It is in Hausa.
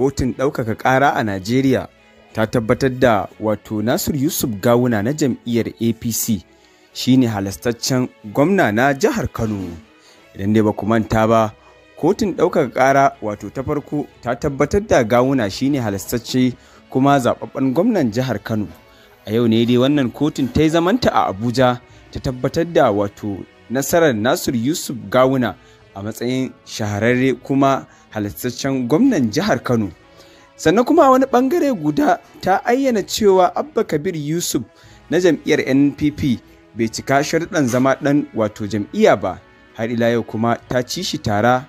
kotun ɗaukaka ƙara a najeriya ta tabbatar da wato nasir yusuf gawuna na jam'iyyar apc shine halastaccen gwamna na jihar kano idan dai ba ku manta ba kotun ɗaukaka ƙara wato ta farko ta tabbatar da gawuna shine halastacce kuma zaɓaɓɓen gwamnan jihar kano a yau ne dai wannan kotun ta yi zamanta a abuja ta tabbatar da wato nasarar nasir yusuf gawuna a matsayin shahararre kuma halittaccen gwamnan jihar Kano. Sannan kuma wani bangare guda ta ayyana cewa Abba Kabir Yusuf na jam'iyyar NPP bai cika sharuɗan zama ɗan wato jam'iyya ba, har ila yau kuma ta ci shi tara